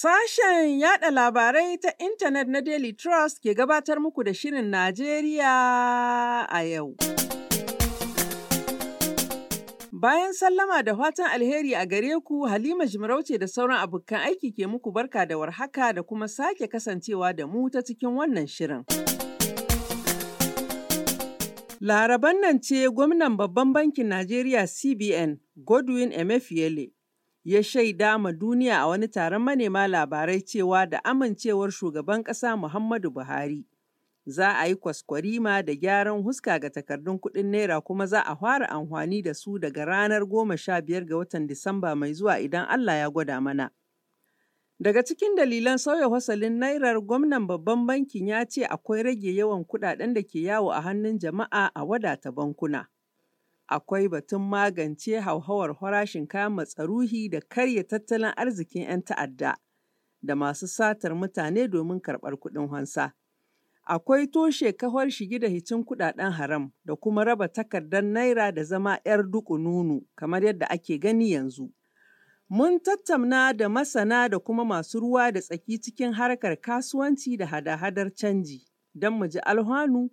Sashen yada labarai ta intanet na Daily Trust ke gabatar muku da Shirin Najeriya a yau. Bayan sallama da fatan alheri a gare ku, Halima Jimarauce da sauran abokan aiki ke muku barka da warhaka da kuma sake kasancewa da mu ta cikin wannan shirin. Laraban nan ce gwamnan babban bankin Najeriya CBN Godwin Emefiele ya shaida ma duniya a wani taron manema labarai cewa da amincewar shugaban ƙasa Muhammadu Buhari za a yi kwaskwarima da gyaran huska ga takardun kuɗin naira kuma za a fara amfani da su daga ranar goma sha biyar ga watan Disamba mai zuwa idan Allah ya gwada mana. Daga cikin dalilan sauya wasalin nairar gwamnan babban bankin ya ce akwai rage yawan kuɗaɗen da ke yawo a hannun jama'a a wadata bankuna. akwai batun magance hauhawar farashin kayan matsaruhi da karya tattalin arzikin ‘yan ta'adda da masu satar mutane domin karɓar kuɗin hansa Akwai toshe kawar shige da hicin kuɗaɗen haram da kuma raba takardar naira da zama ‘yar duƙununu kamar yadda ake gani yanzu. Mun tattauna da masana da kuma masu ruwa da tsaki cikin harkar kasuwanci da hada-hadar canji don mu ji alhanu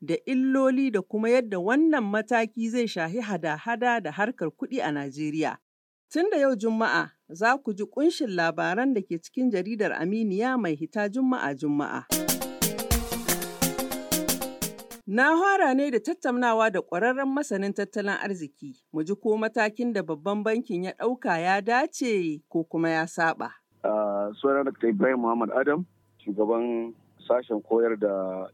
da illoli da kuma yadda wannan mataki zai shahi hada-hada da harkar kuɗi a Najeriya. Tun da yau Juma'a za ku ji ƙunshin labaran da ke cikin jaridar Aminiya mai hita Juma'a Juma'a. Na hora ne da tattaunawa da ƙwararren masanin tattalin arziki, mu ji ko matakin da babban bankin ya ɗauka ya dace ko kuma ya saba. Uh, ah, Sunan Ibrahim Muhammad Adam, shugaban sashen koyar da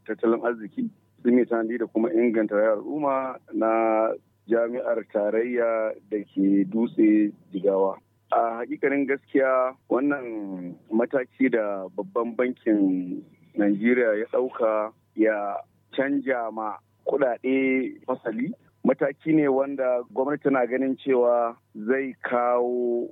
tattalin arziki sun yi tanadi da kuma inganta rayuwar al'umma na jami'ar tarayya da ke dutse jigawa a hakikanin gaskiya wannan mataki da babban bankin najeriya ya ɗauka ya canja ma kuɗaɗe fasali mataki ne wanda gwamnati tana ganin cewa zai kawo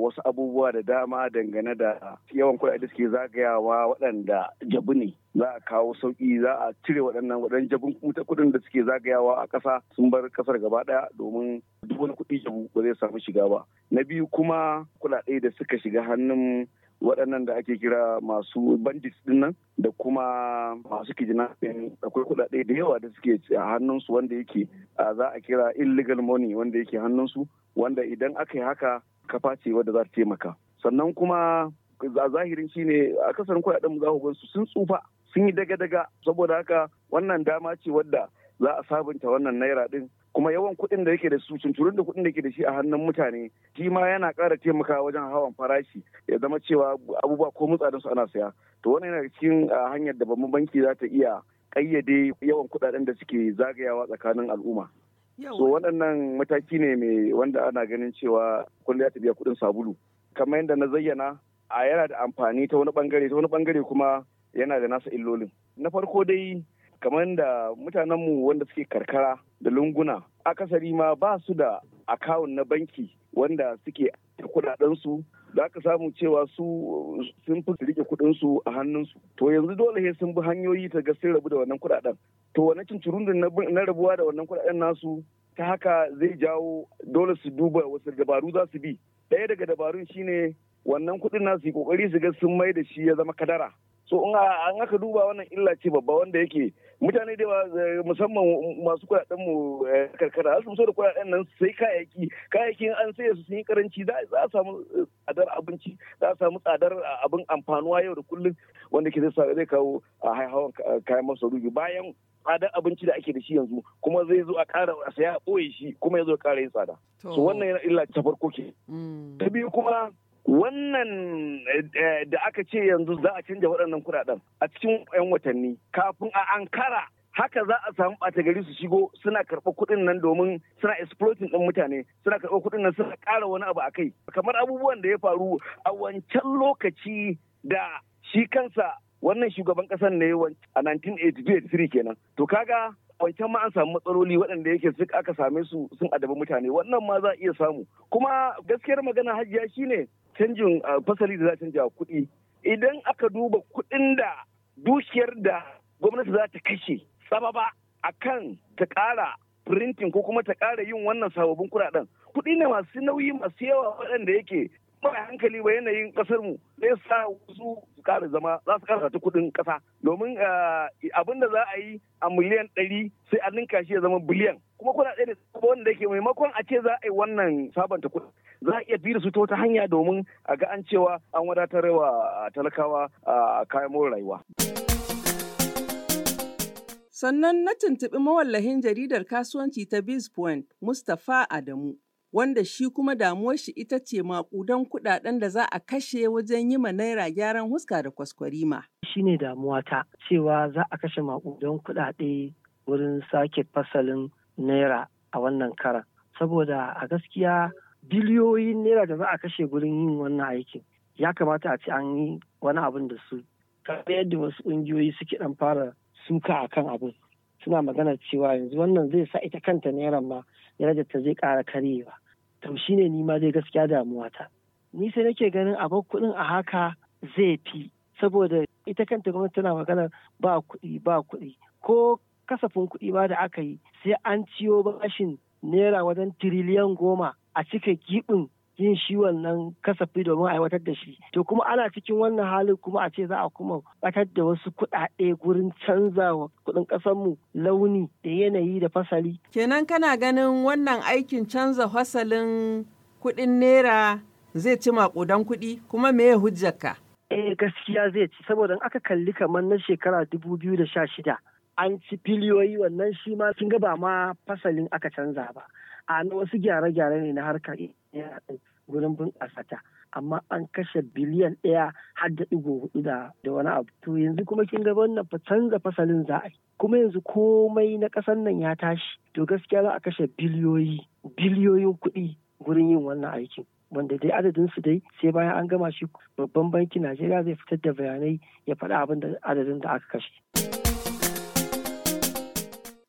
wasu abubuwa da dama dangane da yawan da suke zagayawa waɗanda jabu ne za a kawo sauki za a cire waɗannan waɗannan jabun kudin da suke zagayawa a ƙasa sun bar ƙasar gaba ɗaya domin duk wani kuɗi jabu ba zai samu shiga ba na biyu kuma kuɗaɗe da suka shiga hannun waɗannan da ake kira masu bandits dinnan da kuma masu kidnapping akwai kuɗaɗe da yawa da suke a hannunsu wanda yake za a kira illegal money wanda yake hannunsu wanda idan aka yi haka kafa ce wadda za ta taimaka sannan kuma a zahirin shine akasarin kuɗaɗen za ku su sun tsufa sun yi daga-daga saboda haka wannan dama ce wadda za a sabunta wannan naira din kuma yawan kuɗin da yake da su tunturin da kuɗin da yake da shi a hannun mutane shi ma yana ƙara taimaka wajen hawan farashi ya zama cewa abubuwa ko mutsadan su ana saya to wannan yana cikin hanyar da babban banki za ta iya ƙayyade yawan kuɗaɗen da suke zagayawa tsakanin al'umma so waɗannan mataki ne mai wanda ana ganin cewa kullum ya ta biya kuɗin sabulu kamar yadda na zayyana a yana da amfani ta wani bangare ta wani bangare kuma yana da nasa illolin na farko dai kamar da mutanenmu wanda suke karkara da lunguna akasari ma ba su da akawun na banki wanda suke kudadensu da aka samu cewa su sun fi rike kudinsu a hannunsu to yanzu dole sai sun bi hanyoyi ta ga sun rabu da wannan kudaden to wannan da na rabuwa da wannan kudaden nasu ta haka zai jawo dole su duba wasu dabaru za su bi ɗaya daga dabarun shine wannan kudin nasu yi kokari su ga sun mai da shi ya zama kadara so an aka duba wannan illa ce babba wanda yake mutane da eh, musamman masu kuɗaɗen mu eh, karkara su so da kuɗaɗen nan sai kayayyaki kayayyaki an sai su sun yi karanci za a samu eh, tsadar abinci za a samu tsadar abin amfanuwa yau da kullum wanda ke zai kawo haihawan kayan masarufi bayan tsadar abinci da ake da shi yanzu kuma zai zo a ƙara a saya a ɓoye shi kuma ya zo kara yin tsada so wannan yana illa ta farko ke mm. ta biyu kuma wannan eh, eh, da aka ce yanzu za a canja waɗannan kuɗaɗen a cikin 'yan watanni kafin a ankara haka za a samu ɓata gari su shigo suna karɓar kuɗin nan domin suna exploiting ɗin mutane suna karɓar kuɗin nan suna ƙara wani abu a kai kamar abubuwan da ya faru a wancan lokaci da shi kansa wannan shugaban ƙasar ne a 1983 kenan to kaga wancan ma an samu matsaloli waɗanda yake aka same su sun adabi mutane wannan ma za a iya samu kuma gaskiyar magana hajiya shine canjin fasali da za a canja kuɗi idan aka duba kuɗin da dukiyar da gwamnati za ta kashe Sababa a kan ta ƙara printing ko kuma ta ƙara yin wannan sababbin kuɗaɗen kuɗi ne masu nauyi masu yawa waɗanda yake mai hankali ba yanayin kasar mu zai sa wasu su zama za su kara ta kudin kasa domin eh, abin da za a yi a miliyan ɗari sai a ninka shi ya zama biliyan kuma kuna ɗaya da wanda yake maimakon a ce za a yi wannan sabanta kudin za a iya bi da su ta wata hanya domin a ga an cewa an wadatar wa talakawa a eh, kayan more rayuwa. Sannan na tuntuɓi mawallahin jaridar kasuwanci ta Point, Mustapha Adamu, wanda shi kuma damuwar shi ita ce maƙudan kuɗaɗen da za a kashe wajen yi ma naira gyaran huska da kwaskwarima. Shi ne ta. cewa za a kashe maƙudan kuɗaɗe wurin sake fasalin naira a wannan karan. Saboda a gaskiya biliyoyin naira da za a kashe wurin yin wannan aikin ya kamata a ci an yi wani abin da su. Kamar yadda wasu ƙungiyoyi suke ɗan fara suka a kan abin. Suna magana cewa yanzu wannan zai sa ita kanta naira ma darajar ta zai ƙara karyewa. to shi ne ma dai gaskiya damuwa ta ni sai nake ganin a bar kuɗin a haka zai fi saboda ita kanta gwamnati tana magana ba kuɗi ba kuɗi ko kasafin kuɗi ba da aka yi sai an ciyo bashin naira wajen tiriliyan goma a cika giɓin yin shi wannan kasafi domin aiwatar da shi to kuma ana cikin wannan halin kuma a ce za a kuma batar da wasu kuɗaɗe gurin wa kuɗin ƙasarmu launi da yanayi da fasali kenan kana ganin wannan aikin canza fasalin kuɗin naira zai ci maƙudan kuɗi kuma me ya hujjarka eh gaskiya zai ci saboda aka kalli kamar na shekara dubu biyu da sha shida an ci filiyoyi wannan shi ma kin ga ba ma fasalin aka canza ba a wasu gyare-gyare ne na harkar gurin bunƙasa ta amma an kashe biliyan ɗaya har da ɗigo hudu da wani abu to yanzu kuma kin ga wannan fa canza fasalin za a yi kuma yanzu komai na ƙasar nan ya tashi to gaskiya za a kashe biliyoyi biliyoyin kuɗi gurin yin wannan aikin wanda dai adadin su dai sai bayan an gama shi babban bankin Najeriya zai fitar da bayanai ya faɗa abin da adadin da aka kashe.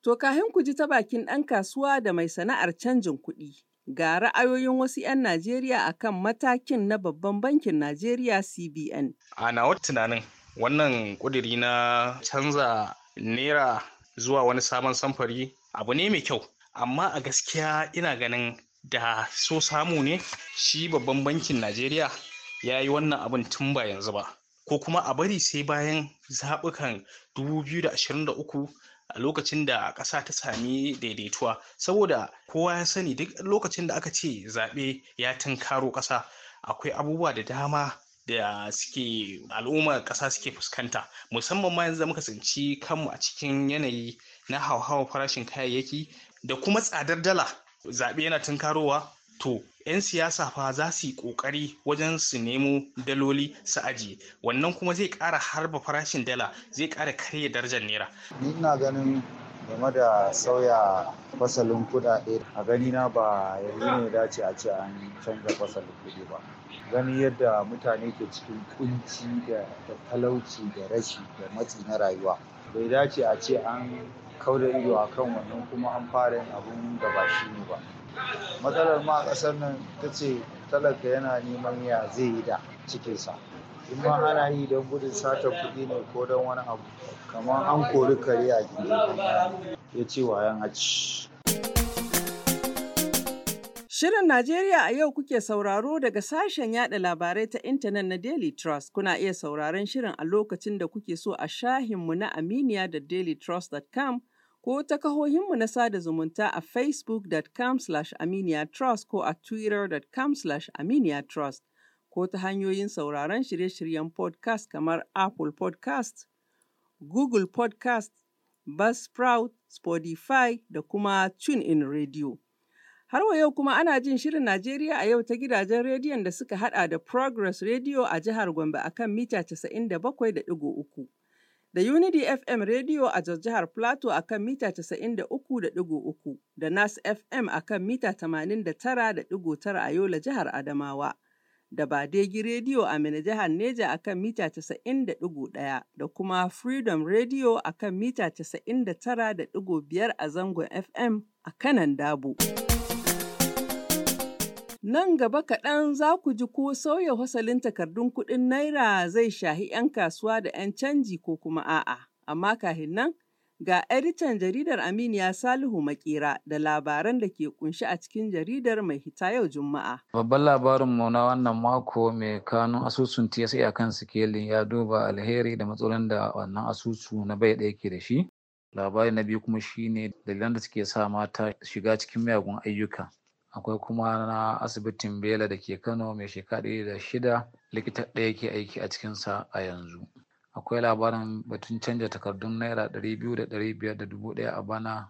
To kahin ku ji ta bakin ɗan kasuwa da mai sana'ar canjin kuɗi, Ga ra'ayoyin wasu 'yan Najeriya a kan matakin na Babban Bankin Najeriya CBN. A nawa tunanin wannan ƙudiri na canza naira zuwa wani sabon samfari abu ne mai kyau. Amma a gaskiya ina ganin da so samu ne shi Babban Bankin Najeriya ya yi wannan abin tun ba yanzu ba. Ko kuma a bari sai bayan zaɓukan 2023 a lokacin da ƙasa ta sami daidaituwa saboda kowa ya sani duk lokacin da aka ce zaɓe ya tunkaro ƙasa akwai abubuwa da dama da suke al'ummar ƙasa suke fuskanta musamman ma yanzu da muka tsinci kanmu a cikin yanayi na hauhawar farashin kayayyaki da kuma tsadar dala zaɓe yana tunkarowa to 'yan siyasa fa za su yi kokari wajen su nemo daloli su ajiye wannan kuma zai ƙara harba farashin dala zai ƙara karya darajar naira ni ina ganin game da sauya fasalin kudade a gani na ba yanzu ne dace a ce an canza fasalin kudi ba gani yadda mutane ke cikin kunci da talauci da rashi da matsi na rayuwa bai dace a ce an kauda ido a kan wannan kuma an fara yin abun da ba shi ne ba matsalar ma ƙasar nan ta ce talaka yana neman ya zai yi da cikinsa in ma ana yi don gudun sata kuɗi ne ko don wani abu kamar an kori kare a gindin ya ce wayan haci Shirin Najeriya a yau kuke sauraro daga sashen yada labarai ta intanet na Daily Trust. Kuna iya sauraron shirin a lokacin da kuke so a shahinmu na Aminiya da dailytrust.com ko ta kahohinmu na sada zumunta a facebook.com aminiatrust ko a twitter.com aminiatrust ko ta hanyoyin sauraron shirye-shiryen podcast kamar Apple podcast, Google podcast, Buzzsprout, Spotify da kuma TuneIn Radio. Har wa yau kuma ana jin shirin Najeriya a yau ta gidajen rediyon da suka hada da Progress Radio a jihar Gombe akan mita 97.3. da Unity FM Radio a jihar Plateau a kan mita 93.3 da Nas FM a kan mita 89.9 a Yola jihar Adamawa. Da Badegi Radio a Mini jihar Neja a kan mita 90.1 da kuma Freedom Radio a kan mita 99.5 a zangon FM a kanan Dabo. Nan gaba kaɗan za ku ji ko sauya fasalin takardun kuɗin Naira zai shahi 'yan kasuwa da 'yan canji ko kuma a'a. Amma kahin nan, ga editan jaridar Aminiya Salihu Makera da labaran da ke kunshi a cikin jaridar mai hita yau Juma'a. Babban labarin mu na wannan mako mai kanun asusun TSA akan sikelin ya duba alheri da matsalolin da wannan asusu na bai ɗaya ke da shi. Labari na biyu kuma shine dalilan da suke sa mata shiga cikin miyagun ayyuka. akwai kuma na asibitin bela da ke kano mai shekaru da shida likita ɗaya ke aiki a cikinsa a yanzu akwai labarin batun canja takardun naira ɗari biyu da ɗari biyar da dubu ɗaya a bana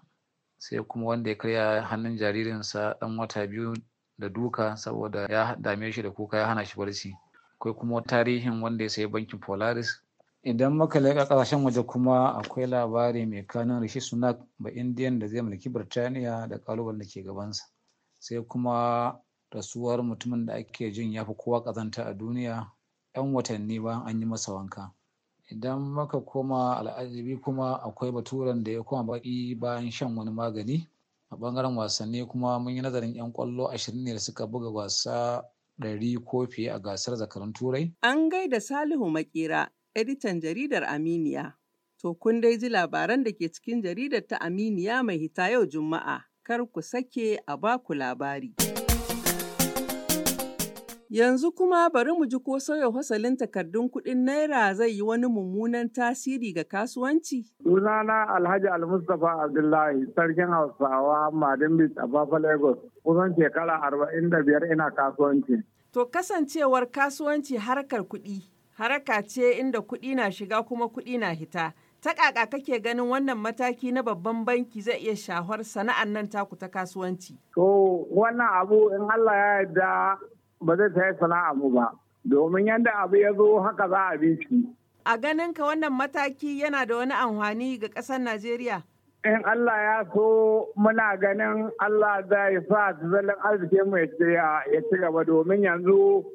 sai kuma wanda ya karya hannun jaririnsa ɗan wata biyu da duka saboda ya dame shi da kuka ya hana shi barci akwai kuma tarihin wanda ya sayi bankin polaris idan muka leƙa ƙasashen waje kuma akwai labari mai kanun rishi sunak ba indiyan da zai mulki birtaniya da ƙalubalen da ke gabansa sai kuma rasuwar mutumin da ake jin ya fi kowa kazanta a duniya 'yan watanni ba an yi masa wanka idan maka koma al'ajabi kuma akwai baturan da ya koma baki bayan shan wani magani a bangaren wasanni kuma mun yi nazarin 'yan kwallo ashirin ne da suka buga wasa ɗari ko fiye a gasar zakarun turai an gaida salihu makera editan jaridar aminiya to kun dai ji labaran da ke cikin jaridar ta aminiya mai hita yau juma'a kar ku sake a baku labari. Yanzu kuma bari mu ji ko sauya fasalin takardun kuɗin Naira zai yi wani mummunan tasiri ga kasuwanci? Sunana Alhaji Almustapha Abdullahi, Sarkin Hausawa, Madimbi, Abafa Lagos, kusan shekara arba'in da biyar ina kasuwanci. To kasancewar kasuwanci harkar kuɗi, haraka ce inda kuɗi na shiga kuma kuɗi na hita. Ta ƙaƙa kake ganin wannan mataki na babban banki zai iya shahar sana'ar nan taku ta kasuwanci? To wannan abu in Allah ya yarda ba zai sayi sana'a mu ba. Domin yadda abu ya zo haka za a bi A ganin ka wannan mataki yana da wani amfani ga ƙasar Najeriya? in Allah ya so muna ganin Allah zai sa tattalin arzikin mu ya ci gaba domin yanzu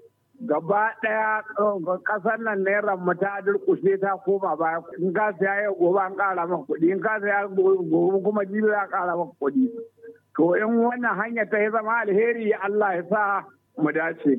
gaba ɗaya um, ƙasar nan naira mu ta durkushe ta koma baya in ka saya ya gobe an ƙara maka kuɗi in ka saya gobe kuma jibi za ƙara maka kuɗi to in wannan hanya ta yi zama alheri Allah ya sa mu dace.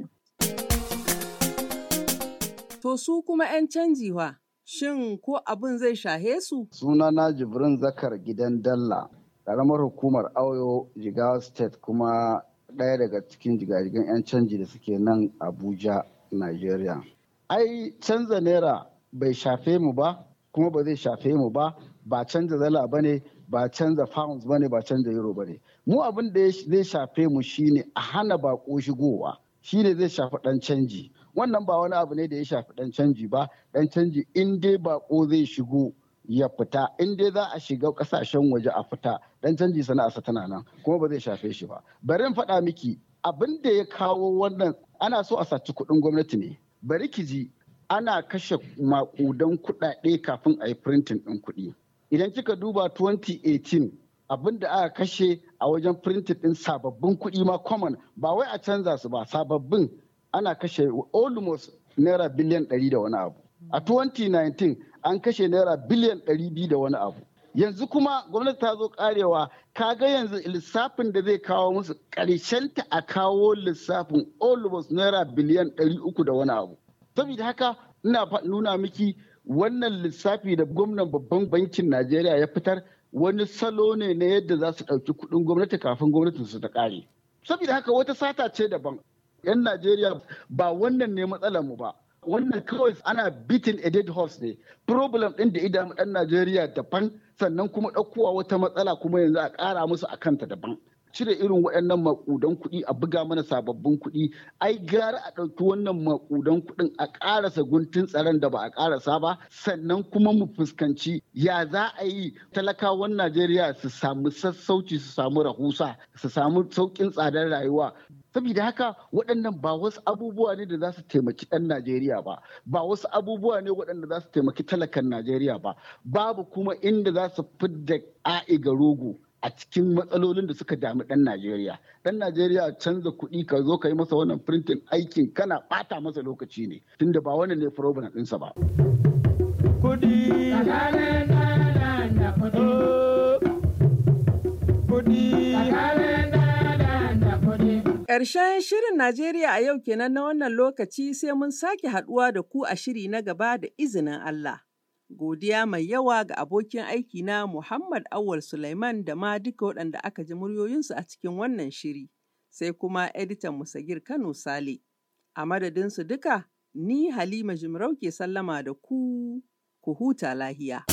To su kuma 'yan canji wa shin ko abin zai shahe su? suna na Jibrin Zakar gidan Dalla, ƙaramar hukumar Auyo Jigawa State kuma ɗaya daga cikin jigajigan 'yan canji da suke nan abuja nigeria ai canza naira bai shafe mu ba kuma ba zai shafe mu ba ba canza zala ba ne ba canza pounds ba ne ba canza euro ba ne mu abin da zai shafe mu shine a hana bako shigowa shine zai shafi dan canji wannan ba wani abu ne da ya shafi dan canji ba dan canji in dai bako zai shigo ya fita in dai za a shiga kasashen waje a fita dan canji sana'arsa tana nan kuma ba zai shafe shi ba bari in faɗa miki abin da ya kawo wannan ana so a saci kuɗin gwamnati ne bari ki ji ana kashe makudan kuɗaɗe kafin a yi printing ɗin kuɗi idan kika duba 2018 abin da aka kashe a wajen printing ɗin sababbin kuɗi ma common ba wai a canza su ba sababbin ana kashe almost naira biliyan ɗari da wani abu a 2019 an kashe naira biliyan ɗari biyu da wani abu yanzu kuma gwamnati ta zo karewa kaga yanzu lissafin da zai kawo musu karshen ta a kawo lissafin olubus naira biliyan ɗari uku da wani abu saboda haka ina nuna miki wannan lissafi da gwamnan babban bankin najeriya ya fitar wani salo ne na yadda za su ɗauki kuɗin gwamnati kafin gwamnatin su ta kare saboda haka wata sata ce daban 'yan najeriya ba wannan ne matsalar mu ba wannan kawai ana bitin a dead horse ne problem ɗin da idan ɗan najeriya daban sannan kuma ɗaukowa wata matsala kuma yanzu a ƙara musu a kanta daban cire irin waɗannan makudan kuɗi a buga mana sababbin kuɗi ai gara a ɗauki wannan maƙudan kuɗin a ƙarasa guntun tsaron da ba a ƙarasa ba sannan kuma mu fuskanci ya za a yi talakawan najeriya su samu sassauci su samu rahusa su samu sauƙin tsadar rayuwa saboda haka waɗannan ba wasu abubuwa ne da za su taimaki ɗan najeriya ba ba wasu abubuwa ne waɗanda za su taimaki talakan najeriya ba babu kuma inda za su fidda a'i ga rogo a cikin matsalolin da suka dami ɗan najeriya ɗan najeriya canza kuɗi ka zo ka yi masa wannan printing aikin kana ɓata masa lokaci ne tunda ba wannan ne problem ɗinsa ba kuɗi kuɗi oh. Karshen shirin Najeriya a yau kenan na wannan lokaci sai mun sake haɗuwa da ku a shiri na gaba da izinin Allah. Godiya mai yawa ga abokin aiki na Muhammad Awal Sulaiman da ma duka waɗanda aka ji muryoyinsu a cikin wannan shiri, sai kuma editan Musagir Kano Sale. A madadinsu duka, ni Halima Jimarau ke sallama da ku, ku huta lahiya.